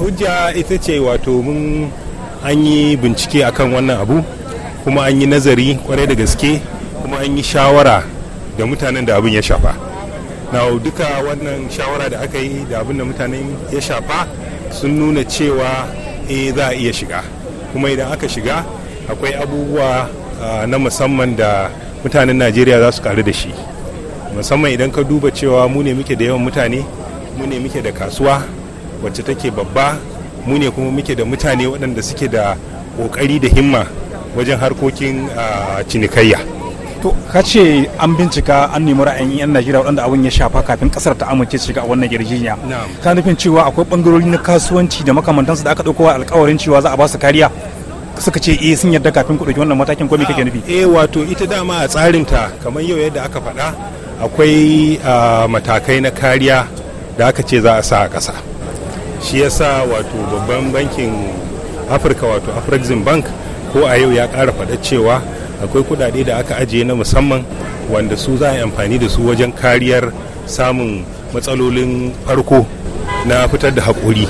hujja ita ce wato mun an yi bincike akan wannan abu kuma an yi nazari kwarai da gaske kuma an yi shawara da mutanen da abin ya shafa na duka wannan shawara da aka yi da abin da mutanen ya shafa sun nuna cewa e za a iya shiga kuma idan aka shiga akwai abubuwa ah, na musamman da mutanen najeriya za su karu da shi musamman idan ka duba cewa mu ne muke da yawan mutane mu ne muke da kasuwa wacce take babba mu ne kuma muke da mutane waɗanda suke da ƙoƙari da himma wajen harkokin cinikayya to ka ce an bincika an nemi ra'ayin 'yan najeriya waɗanda abin ya shafa kafin ƙasar ta amince su a wannan yarjejeniya ka nufin cewa akwai ɓangarori na kasuwanci da makamantansu da aka ɗauko alkawarin cewa za a ba su kariya suka ce eh sun yarda kafin ku ɗauki wannan matakin ko me kake nufi eh wato ita dama a tsarin ta kamar yau yadda aka faɗa akwai matakai na kariya da aka ce za a sa a ƙasa shi ya sa wato babban bankin afirka wato afrexim bank ko a yau ya kara faɗa cewa akwai kuɗaɗe da aka ajiye na musamman wanda su za a yi amfani da su wajen kariyar samun matsalolin farko na fitar da haƙuri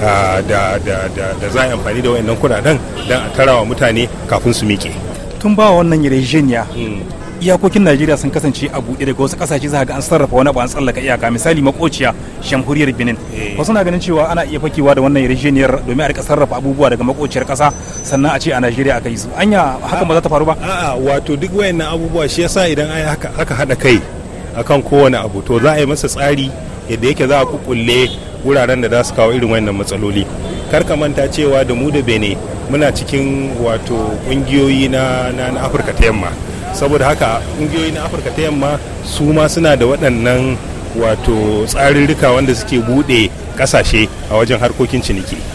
da za a yi amfani da wayannan kuɗaɗen don a tara wa mutane kafin su miƙe tun ba wannan yarjejeniya hmm. iyakokin najeriya sun kasance a buɗe daga wasu kasashe za ga an sarrafa wani abu an tsallaka iyaka misali makociya shamhuriyar benin eh. wasu na ganin cewa ana iya fakewa da wannan yarjejeniyar domin a rika sarrafa abubuwa daga makociyar kasa sannan a ce a najeriya aka yi su anya hakan ba za ta faru ba a'a wato duk wayannan abubuwa shi yasa idan haka aka haɗa kai akan kowane abu to za a yi masa tsari yadda yake za a kukulle wuraren da za su kawo irin wannan matsaloli kar ka manta cewa da mu da bene muna cikin wato kungiyoyi na na afirka ta yamma saboda haka ƙungiyoyi na afirka ta yamma su ma suna da waɗannan wato tsarirrika wanda suke buɗe ƙasashe a wajen harkokin ciniki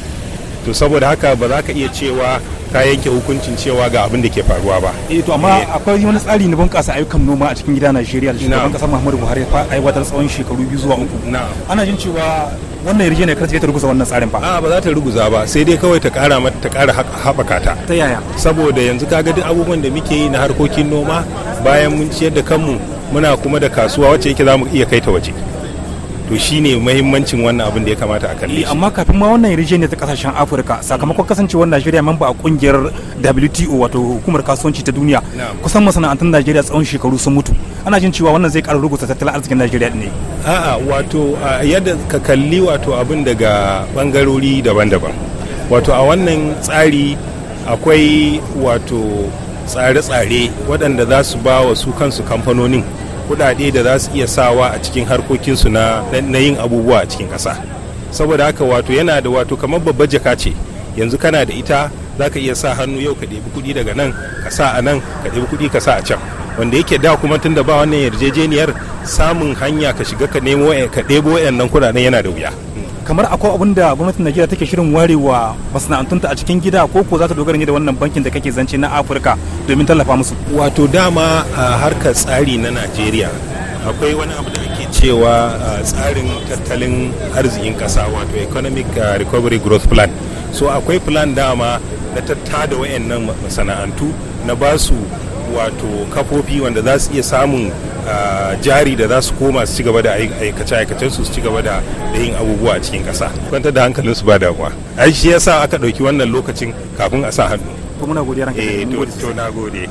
to saboda haka ba za ka iya cewa ka yanke hukuncin cewa ga abin da ke faruwa ba. Eh to amma eh. akwai wani tsari na bunƙasa ayyukan noma a cikin gida Najeriya da shugaban ƙasar Muhammadu Buhari ya aiwatar tsawon shekaru biyu zuwa uku. Ana jin cewa wannan yarjejeniyar kar ta ruguza wannan tsarin ba. A ba za ta ruguza ba sai dai kawai ta ƙara mata ta kara haɓaka ta. Ta yaya? Saboda yanzu ka ga duk abubuwan da muke yi na harkokin noma bayan mun ciyar da kanmu muna kuma da kasuwa wacce yake za mu iya kai ta waje. to ne muhimmancin wannan abin da ya kamata a kalle eh, amma kafin ma wannan yarjejeniya ta kasashen Afirka sakamakon kasancewar Najeriya mamba a kungiyar WTO wato hukumar kasuwanci ta duniya kusan masana'antun Najeriya tsawon shekaru sun mutu ana jin cewa wannan zai ƙara rugusa tattalin arzikin Najeriya ne a'a wato yadda ka kalli wato abin daga bangarori daban-daban wato a wannan tsari akwai wato tsare-tsare waɗanda za su ba wa su kansu kamfanonin kudade da za su iya sawa a cikin harkokinsu na, na yin abubuwa a cikin kasa saboda haka wato yana da wato kamar babbar jaka ce yanzu kana da ita za ka iya sa hannu yau ka ɗebi kuɗi daga nan ka sa a nan ka ɗebi kuɗi ka sa a can wanda yake da kuma tun da ba wannan yarjejeniyar samun hanya ka shiga ka nemo ka ɗebo waɗannan kuɗaɗen yana da wuya kamar akwai abin da gwamnatin Najeriya take shirin warewa masana'antunta a cikin gida ko ko za ta dogara ne da wannan bankin da kake zance na Afirka domin tallafa musu wato dama a harkar tsari na Najeriya akwai wani abu da ake cewa tsarin tattalin arzikin kasa wato economic recovery growth plan so akwai plan dama na tattada wayannan masana'antu na basu wato kafofi wanda za su iya samun ah, jari da za su koma su ci gaba da aikace aikace su ci gaba da yin abubuwa a cikin kasa kwanta da hankalin su ba damuwa ai shi yasa aka ɗauki wannan lokacin kafin a sa hannu muna godiya ranka eh to na gode